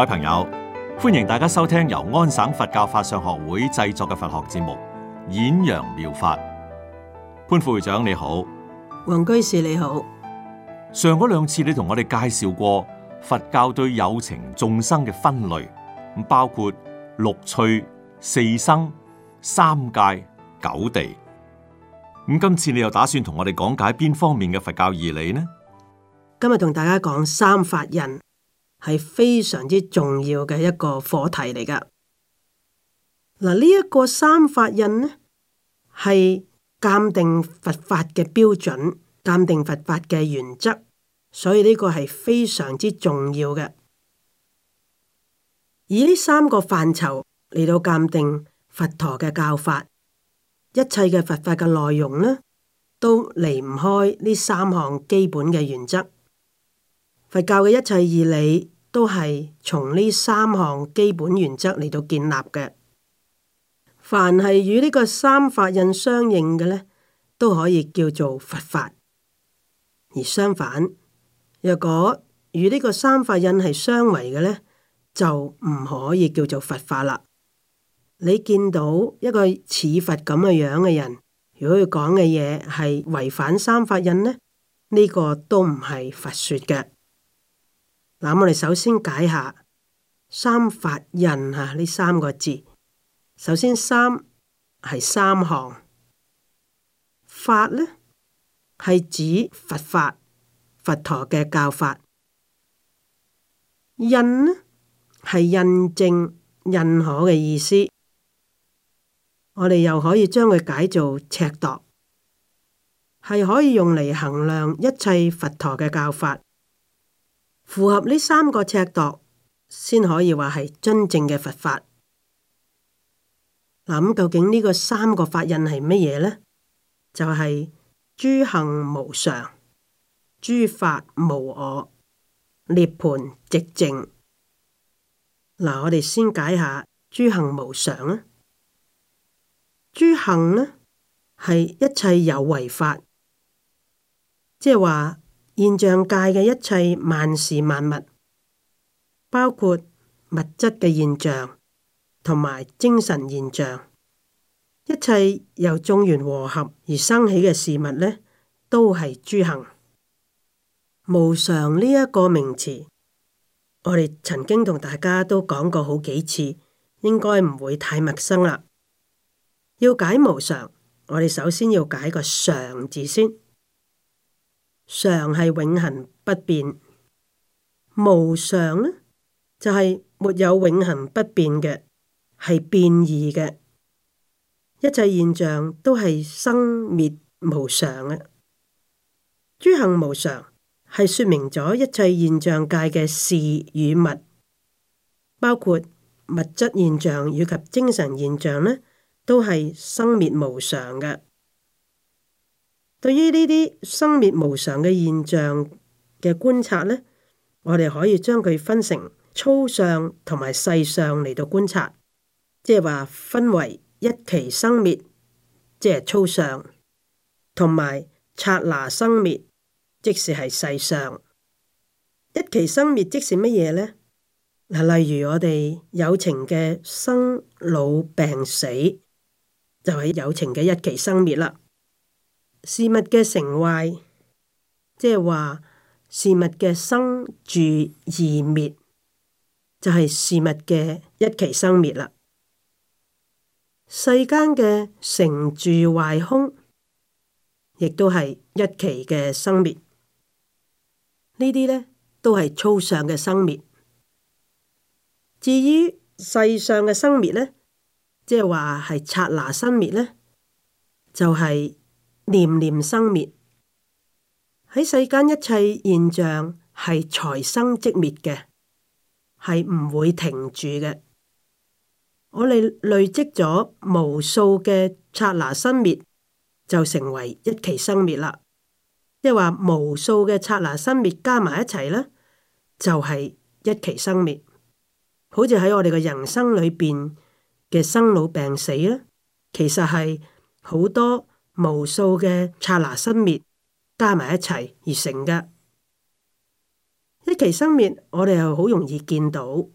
各位朋友，歡迎大家收聽由安省佛教法上學會製作嘅佛學節目《演揚妙，妙法》。潘副會長，你好，黃居士你好。上嗰兩次你同我哋介紹過佛教對有情眾生嘅分類，包括六趣、四生、三界、九地。咁今次你又打算同我哋講解邊方面嘅佛教義理呢？今日同大家講三法印。係非常之重要嘅一個課題嚟噶。嗱，呢一個三法印呢，係鑑定佛法嘅標準、鑑定佛法嘅原則，所以呢個係非常之重要嘅。以呢三個範疇嚟到鑑定佛陀嘅教法，一切嘅佛法嘅內容呢，都離唔開呢三項基本嘅原則。佛教嘅一切義理都係從呢三項基本原則嚟到建立嘅。凡係與呢個三法印相應嘅呢，都可以叫做佛法；而相反，若果與呢個三法印係相違嘅呢，就唔可以叫做佛法啦。你見到一個似佛咁嘅樣嘅人，如果佢講嘅嘢係違反三法印呢？呢、呢個都唔係佛說嘅。嗱，我哋首先解下三法印啊。呢三個字，首先三係三行，法呢係指佛法、佛陀嘅教法，印呢係印證印可嘅意思。我哋又可以將佢解做尺度，係可以用嚟衡量一切佛陀嘅教法。符合呢三個尺度，先可以話係真正嘅佛法。咁、嗯、究竟呢個三個法印係乜嘢呢？就係諸行無常，諸法無我，涅槃寂靜。嗱、嗯，我哋先解下諸行無常啊。諸行呢，係一切有為法，即係話。現象界嘅一切萬事萬物，包括物質嘅現象同埋精神現象，一切由眾緣和合而生起嘅事物呢，都係諸行。無常呢一個名詞，我哋曾經同大家都講過好幾次，應該唔會太陌生啦。要解無常，我哋首先要解個常字先。常係永恆不變，無常呢就係沒有永恆不變嘅，係變異嘅。一切現象都係生滅無常嘅，諸行無常係說明咗一切現象界嘅事與物，包括物質現象以及精神現象呢，都係生滅無常嘅。對於呢啲生滅無常嘅現象嘅觀察呢，我哋可以將佢分成粗相同埋細相嚟到觀察，即係話分為一期生滅，即係粗相，同埋剎那生滅，即是係細相。一期生滅即是乜嘢呢？嗱，例如我哋有情嘅生老病死，就係、是、有情嘅一期生滅啦。事物嘅成壞，即係話事物嘅生住而滅，就係、是、事物嘅一期生滅啦。世間嘅成住壞空，亦都係一期嘅生滅。呢啲咧都係粗相嘅生滅。至於世上嘅生滅咧，即係話係剎那生滅咧，就係、是。念念生滅，喺世間一切現象係財生即滅嘅，係唔會停住嘅。我哋累積咗無數嘅剎那生滅，就成為一期生滅啦。即係話無數嘅剎那生滅加埋一齊呢，就係一期生滅。好似喺我哋嘅人生裏邊嘅生老病死啦，其實係好多。無數嘅剎那生滅加埋一齊而成㗎一期生滅，我哋又好容易見到。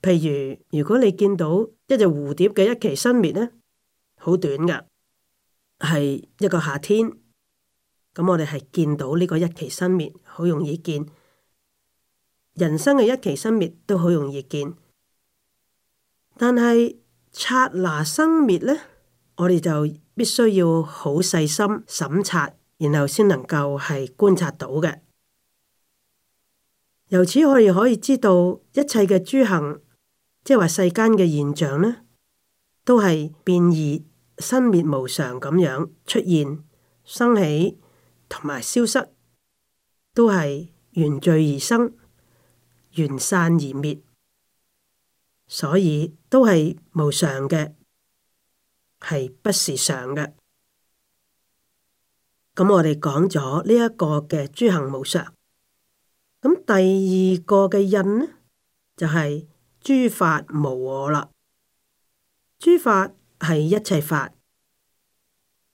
譬如，如果你見到一隻蝴蝶嘅一期生滅呢，好短㗎，係一個夏天。咁我哋係見到呢個一期生滅，好容易見。人生嘅一期生滅都好容易見，但係剎那生滅呢，我哋就。必須要好細心審查，然後先能夠係觀察到嘅。由此我哋可以知道一切嘅諸行，即係話世間嘅現象呢，都係變異、生滅無常咁樣出現、生起同埋消失，都係緣聚而生，緣散而滅，所以都係無常嘅。係不時常嘅。咁我哋講咗呢一個嘅諸行無常。咁第二個嘅印呢，就係諸法無我啦。諸法係一切法。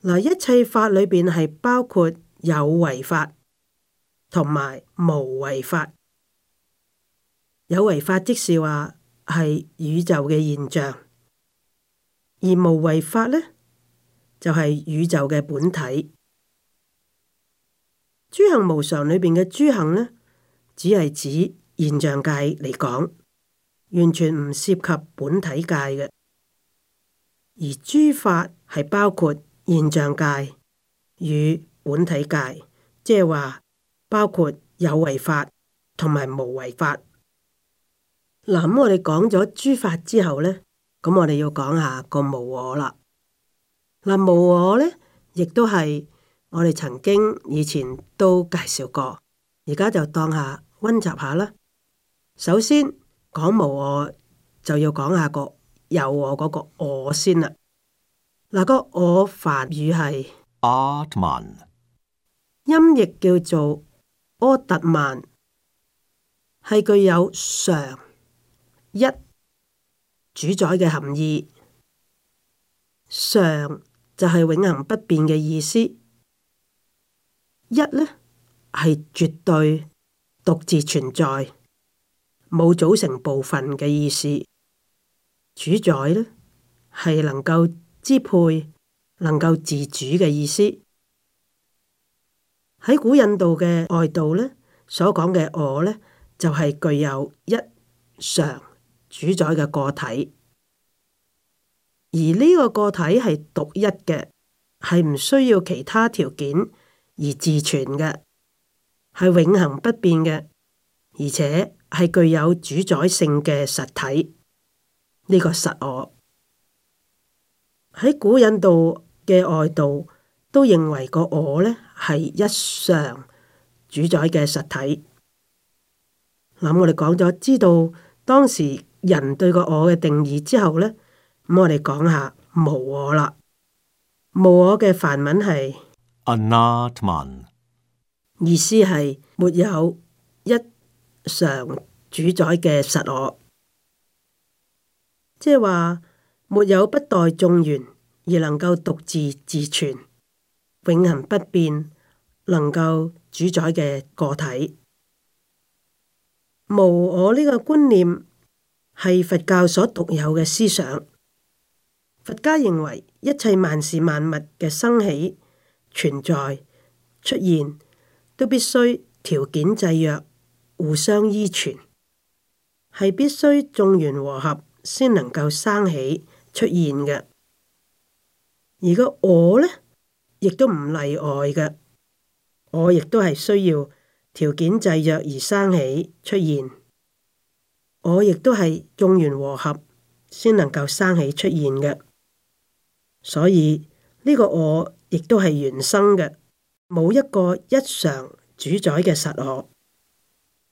嗱，一切法裏邊係包括有為法同埋無為法。有為法即是話係宇宙嘅現象。而無為法呢，就係、是、宇宙嘅本體。諸行無常裏邊嘅諸行呢，只係指現象界嚟講，完全唔涉及本體界嘅。而諸法係包括現象界與本體界，即係話包括有為法同埋無為法。嗱、嗯，咁我哋講咗諸法之後呢。咁我哋要講下個無我啦。嗱，無我，無我呢，亦都係我哋曾經以前都介紹過，而家就當下溫習下啦。首先講無我，就要講下個有我嗰，那個我先啦。嗱，那個，個我梵語係阿特曼，音譯叫做阿特曼，係具有常一、主宰嘅含義，常就係永恒不變嘅意思；一呢係絕對獨自存在，冇組成部分嘅意思。主宰呢係能夠支配、能夠自主嘅意思。喺古印度嘅外道呢，所講嘅我呢，就係具有一常、主宰嘅個體，而呢個個體係獨一嘅，係唔需要其他條件而自存嘅，係永恆不變嘅，而且係具有主宰性嘅實體。呢、這個實我，喺古印度嘅外道都認為個我呢係一常主宰嘅實體。咁我哋講咗，知道當時。人對個我嘅定義之後呢，咁、嗯、我哋講下無我啦。無我嘅梵文係 anatman，意思係沒有一常主宰嘅實我，即係話沒有不待眾緣而能夠獨自自存、永恆不變、能夠主宰嘅個體。無我呢個觀念。係佛教所獨有嘅思想。佛家認為一切萬事萬物嘅生起、存在、出現，都必須條件制約，互相依存，係必須眾緣和合先能夠生起出現嘅。而個我呢，亦都唔例外嘅，我亦都係需要條件制約而生起出現。我亦都係眾緣和合先能夠生起出現嘅，所以呢個我亦都係原生嘅，冇一個一常主宰嘅實我，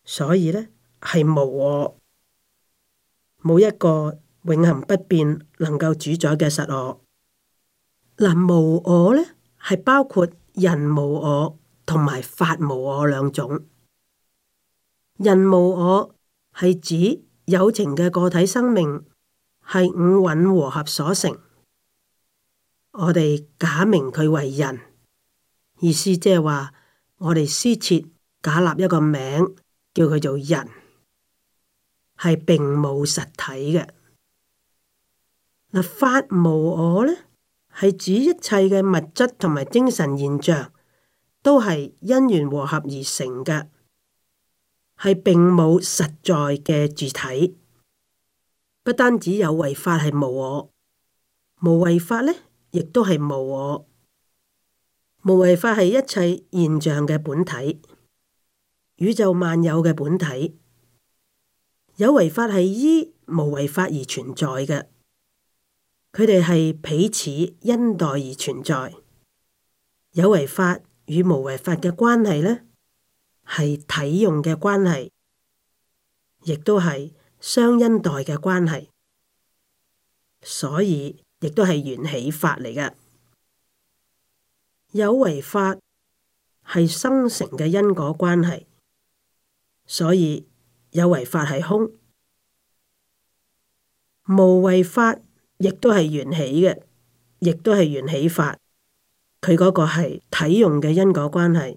所以呢，係無我，冇一個永恒不變能夠主宰嘅實我。嗱，無我呢，係包括人無我同埋法無我兩種，人無我。係指有情嘅個體生命係五蘊和合所成，我哋假名佢為人，意思即係話我哋施設假立一個名，叫佢做人，係並冇實體嘅。嗱，法無我呢，係指一切嘅物質同埋精神現象都係因緣和合而成嘅。係並冇實在嘅主體，不單止有為法係無我，無為法呢，亦都係無我。無為法係一切現象嘅本體，宇宙萬有嘅本體。有為法係依無為法而存在嘅，佢哋係彼此因待而存在。有為法與無為法嘅關係呢，係體用嘅關係，亦都係相因代嘅關係，所以亦都係緣起法嚟嘅。有為法係生成嘅因果關係，所以有為法係空，無為法亦都係緣起嘅，亦都係緣起法。佢嗰個係體用嘅因果關係。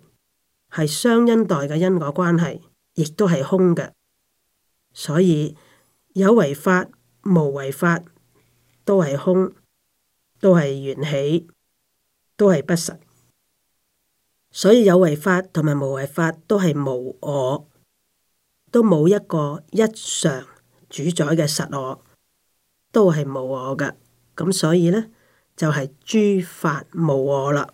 係相因代嘅因果關係，亦都係空嘅。所以有為法、無為法都係空，都係緣起，都係不實。所以有為法同埋無為法都係無我，都冇一個一常主宰嘅實我，都係無我噶。咁所以呢，就係、是、諸法無我啦。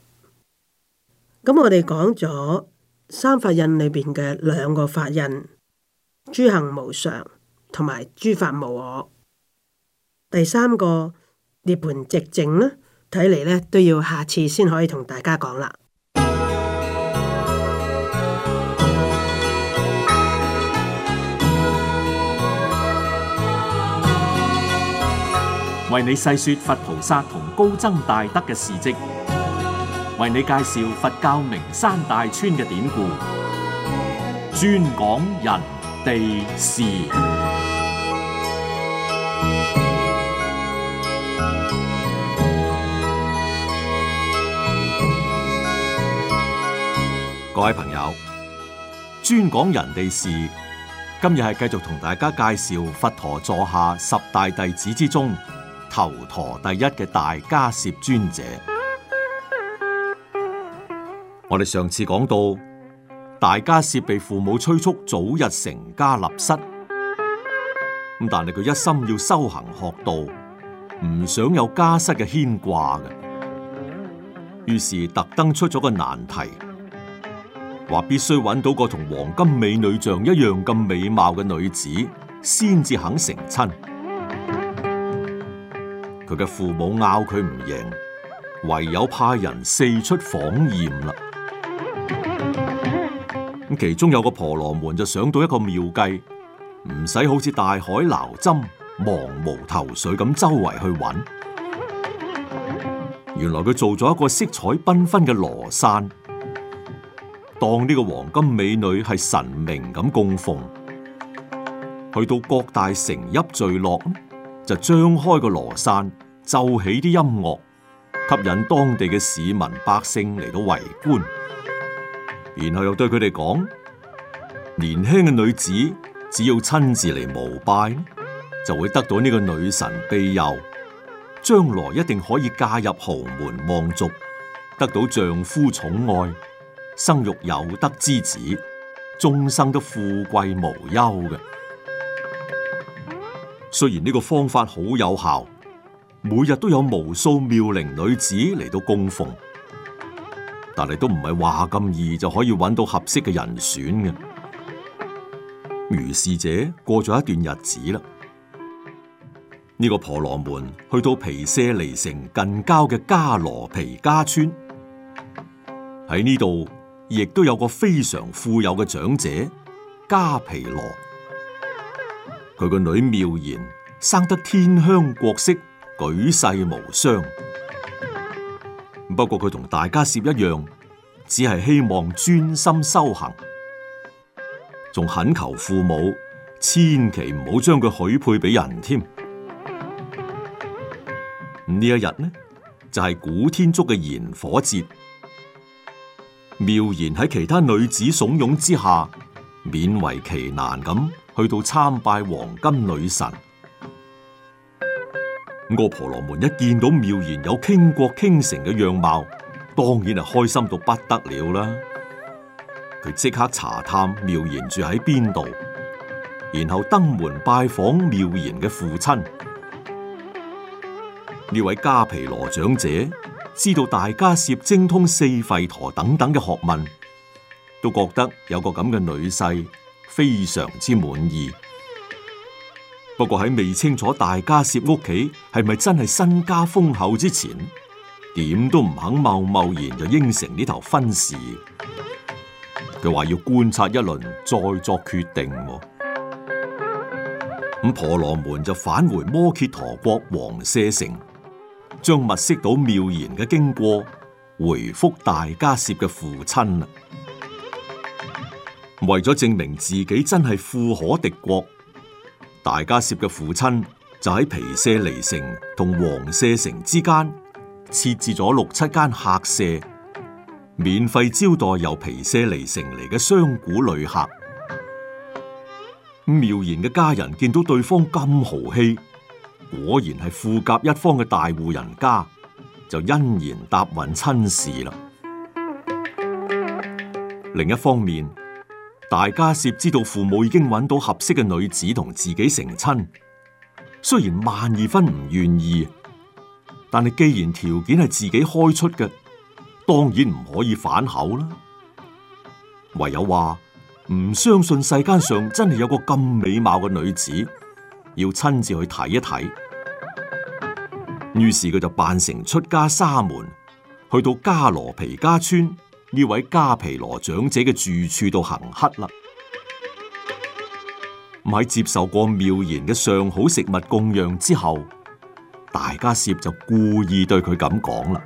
咁我哋講咗。三法印裏邊嘅兩個法印，諸行無常同埋諸法無我。第三個涅槃寂靜呢，睇嚟咧都要下次先可以同大家講啦。為你細說佛菩薩同高僧大德嘅事迹。為你介紹佛教名山大川嘅典故，專講人地事。各位朋友，專講人地事，今日係繼續同大家介紹佛陀座下十大弟子之中頭陀第一嘅大迦葉尊者。我哋上次講到，大迦葉被父母催促早日成家立室，咁但係佢一心要修行學道，唔想有家室嘅牽掛嘅，於是特登出咗個難題，話必須搵到個同黃金美女像一樣咁美貌嘅女子，先至肯成親。佢嘅父母拗佢唔贏，唯有派人四出訪驗啦。咁其中有個婆羅門就想到一個妙計，唔使好似大海撈針、茫無頭緒咁周圍去揾。原來佢做咗一個色彩繽紛嘅羅山，當呢個黃金美女係神明咁供奉。去到各大城邑聚落，就張開個羅山，奏起啲音樂，吸引當地嘅市民百姓嚟到圍觀。然後又對佢哋講：年輕嘅女子只要親自嚟膜拜，就會得到呢個女神庇佑，將來一定可以嫁入豪門望族，得到丈夫寵愛，生育有德之子，終生都富貴無憂嘅。雖然呢個方法好有效，每日都有無數妙齡女子嚟到供奉。但係都唔係話咁易就可以搵到合適嘅人選嘅。如是者過咗一段日子啦，呢個婆羅門去到皮舍離城近郊嘅加羅皮家村，喺呢度亦都有個非常富有嘅長者加皮羅，佢個女妙賢生得天香國色，舉世無雙。不過佢同大迦葉一樣，只係希望專心修行，仲懇求父母千祈唔好將佢許配俾人添。呢 一日呢，就係、是、古天竺嘅燃火節，妙賢喺其他女子慫恿之下，勉為其難咁去到參拜黃金女神。個婆羅門一見到妙賢有傾國傾城嘅樣貌，當然係開心到不得了啦！佢即刻查探妙賢住喺邊度，然後登門拜訪妙賢嘅父親。呢位迦毗羅長者知道大迦葉精通四吠陀等等嘅學問，都覺得有個咁嘅女婿非常之滿意。不過喺未清楚大迦葉屋企係咪真係身家豐厚之前，點都唔肯貿貿然就應承呢頭婚事。佢話要觀察一輪再作決定。咁婆羅門就返回摩羯陀國王舍城，將物色到妙言嘅經過回復大迦葉嘅父親啦。為咗證明自己真係富可敵國。大家迦葉嘅父親就喺皮舍離城同黃舍城之間設置咗六七間客舍，免費招待由皮舍離城嚟嘅商賈旅客。妙賢嘅家人見到對方咁豪氣，果然係富甲一方嘅大戶人家，就欣然答允親事啦。另一方面，大家迦葉知道父母已經揾到合適嘅女子同自己成親，雖然萬二分唔願意，但係既然條件係自己開出嘅，當然唔可以反口啦。唯有話唔相信世界上真係有個咁美貌嘅女子，要親自去睇一睇。於是佢就扮成出家沙門，去到伽羅皮家村。呢位加皮羅長者嘅住處度行乞啦，喺接受過妙賢嘅上好食物供養之後，大迦葉就故意對佢咁講啦。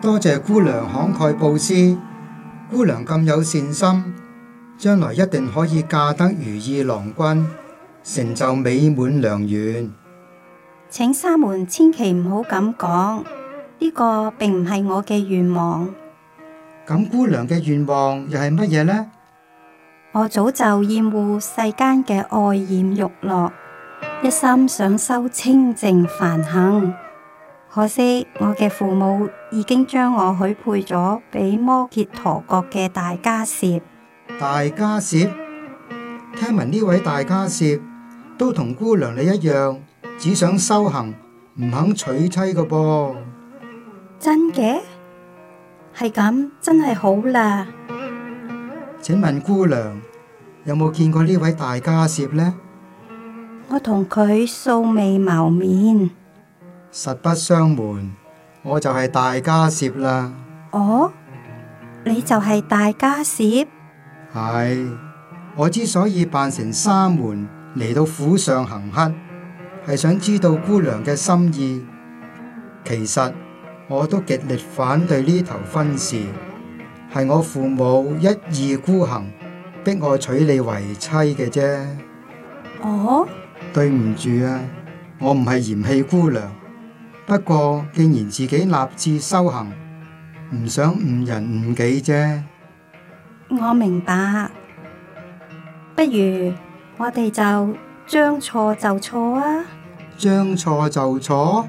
多謝姑娘慷慨布施，姑娘咁有善心，將來一定可以嫁得如意郎君，成就美滿良緣。請沙門千祈唔好咁講，呢、這個並唔係我嘅願望。咁姑娘嘅願望又係乜嘢呢？我早就厭惡世間嘅愛染欲樂，一心想修清淨梵行。可惜我嘅父母已經將我許配咗俾摩揭陀國嘅大迦葉。大迦葉，聽聞呢位大迦葉都同姑娘你一樣。只想修行，唔肯娶妻嘅噃。真嘅？係咁，真係好啦。請問姑娘有冇見過呢位大迦葉呢？我同佢素未謀面。實不相瞞，我就係大迦葉啦。哦，oh? 你就係大迦葉？係，我之所以扮成沙門嚟到府上行乞，係想知道姑娘嘅心意，其實我都極力反對呢頭婚事，係我父母一意孤行，逼我娶你為妻嘅啫。哦，對唔住啊，我唔係嫌棄姑娘，不過既然自己立志修行，唔想誤人誤己啫。我明白，不如我哋就。將錯就錯啊！將錯就錯，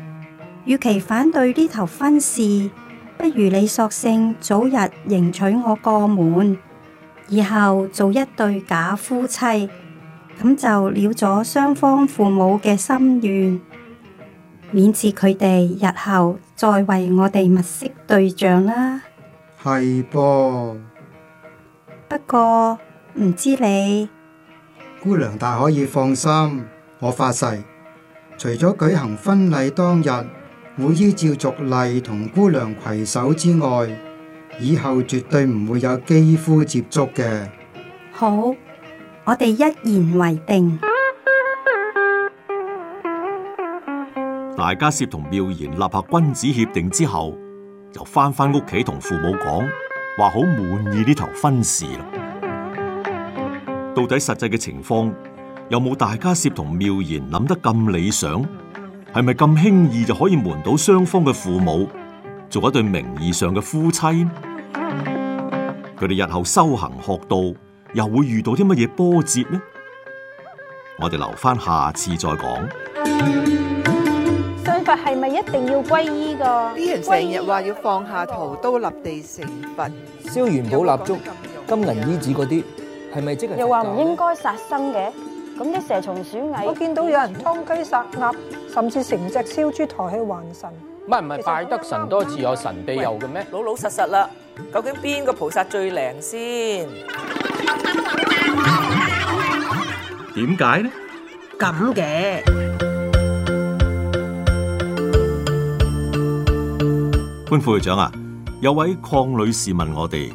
與其反對呢頭婚事，不如你索性早日迎娶我過門，以後做一對假夫妻，咁就了咗雙方父母嘅心願，免致佢哋日後再為我哋物色對象啦。係噃吧，不過唔知你。姑娘，大可以放心，我發誓，除咗舉行婚禮當日會依照俗例同姑娘攜手之外，以後絕對唔會有肌膚接觸嘅。好，我哋一言為定。大迦葉同妙言立下君子協定之後，就翻返屋企同父母講話，好滿意呢頭婚事啦到底實際嘅情況有冇大迦葉同妙言諗得咁理想？係咪咁輕易就可以瞞到雙方嘅父母，做一對名義上嘅夫妻？佢哋，嗯，日後修行學道又會遇到啲乜嘢波折呢？嗯，我哋留翻下，下次再講。信佛係咪一定要皈依㗎？啲人成日話要放下屠刀，立地成佛，燒元寶蠟燭，有有金銀衣紙嗰啲。係咪即係又話唔應該殺生嘅？咁啲蛇蟲鼠蟻，我見到有人劏雞殺鴨，甚至成隻燒豬抬起還神。乜唔係拜得神多自有神庇佑嘅咩？老老實實啦，究竟邊個菩薩最靈先？點解呢？咁嘅，溫副會長啊，有位鄺女士問我哋，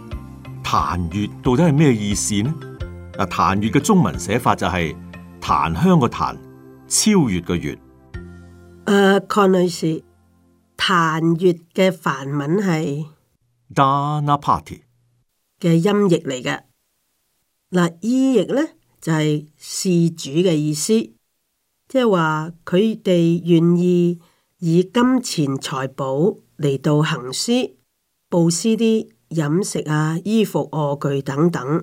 檀越到底係咩意思呢？嗱，檀越嘅中文寫法就係、是、檀香個檀，超越個越。誒、uh，康女士，檀越嘅梵文係 Dana Party 嘅音譯嚟嘅。嗱，意譯咧就係、是、事主嘅意思，即係話佢哋願意以金錢財寶嚟到行施布施啲飲食啊、衣服、臥具等等。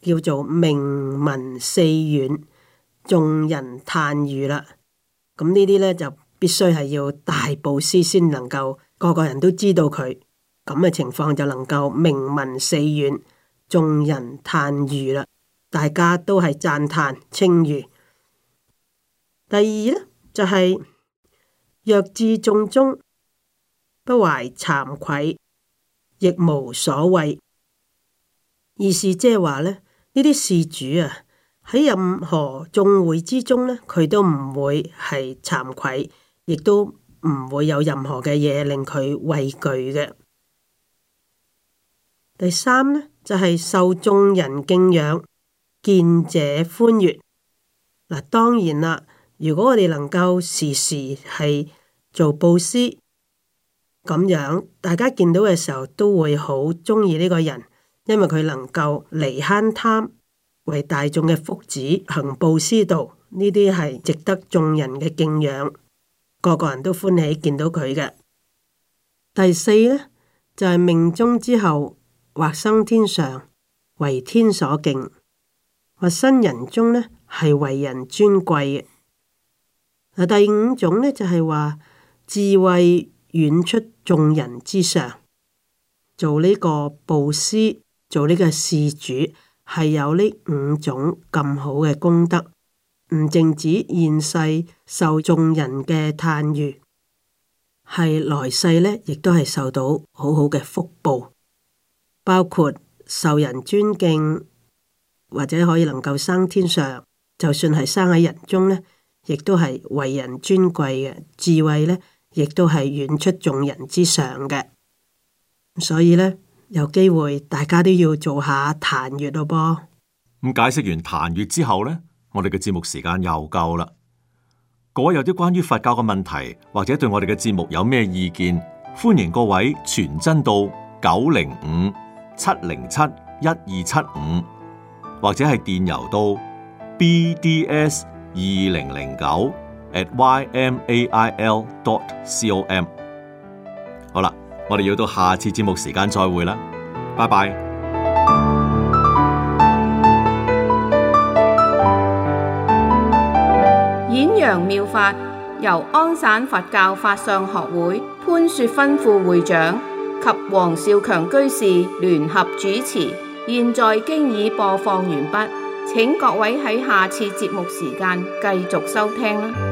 叫做名聞四遠，眾人嘆譽啦。咁呢啲呢，就必須係要大布施先能夠個個人都知道佢咁嘅情況，就能夠名聞四遠，眾人嘆譽啦。大家都係讚嘆稱譽。第二呢，就係若至眾中不懷慚愧，亦無所謂。意思即係話呢。呢啲事主啊，喺任何眾會之中呢，佢都唔會係慚愧，亦都唔會有任何嘅嘢令佢畏懼嘅。第三呢，就係受眾人敬仰，見者歡悅。嗱，當然啦，如果我哋能夠時時係做布施，咁樣大家見到嘅時候都會好鍾意呢個人。因為佢能夠離慳貪，為大眾嘅福祉行布施道，呢啲係值得眾人嘅敬仰，個個人都歡喜見到佢嘅。第四呢，就係命中之後，或生天上為天所敬，或生人中呢，係為人尊貴嘅。第五種呢，就係話智慧遠出眾人之上，做呢個布施。做呢個事主係有呢五種咁好嘅功德，唔淨止現世受眾人嘅嘆譽，係來世呢亦都係受到好好嘅福報，包括受人尊敬，或者可以能夠生天上，就算係生喺人中呢，亦都係為人尊貴嘅，智慧呢，亦都係遠出眾人之上嘅，所以呢。有機會大家都要做下檀越咯噃。咁解釋完檀越之後呢，我哋嘅節目時間又夠啦。各位有啲關於佛教嘅問題，或者對我哋嘅節目有咩意見，歡迎各位傳真到九零五七零七一二七五，75，或者係電郵到 bds 二零零九 @ymail.com。好啦。我哋要到下次節目時間再會啦，拜拜。演揚妙法由安省佛教法相學會潘雪芬副會長及黃少強居士聯合主持，現在經已播放完畢，請各位喺下次節目時間繼續收聽啦。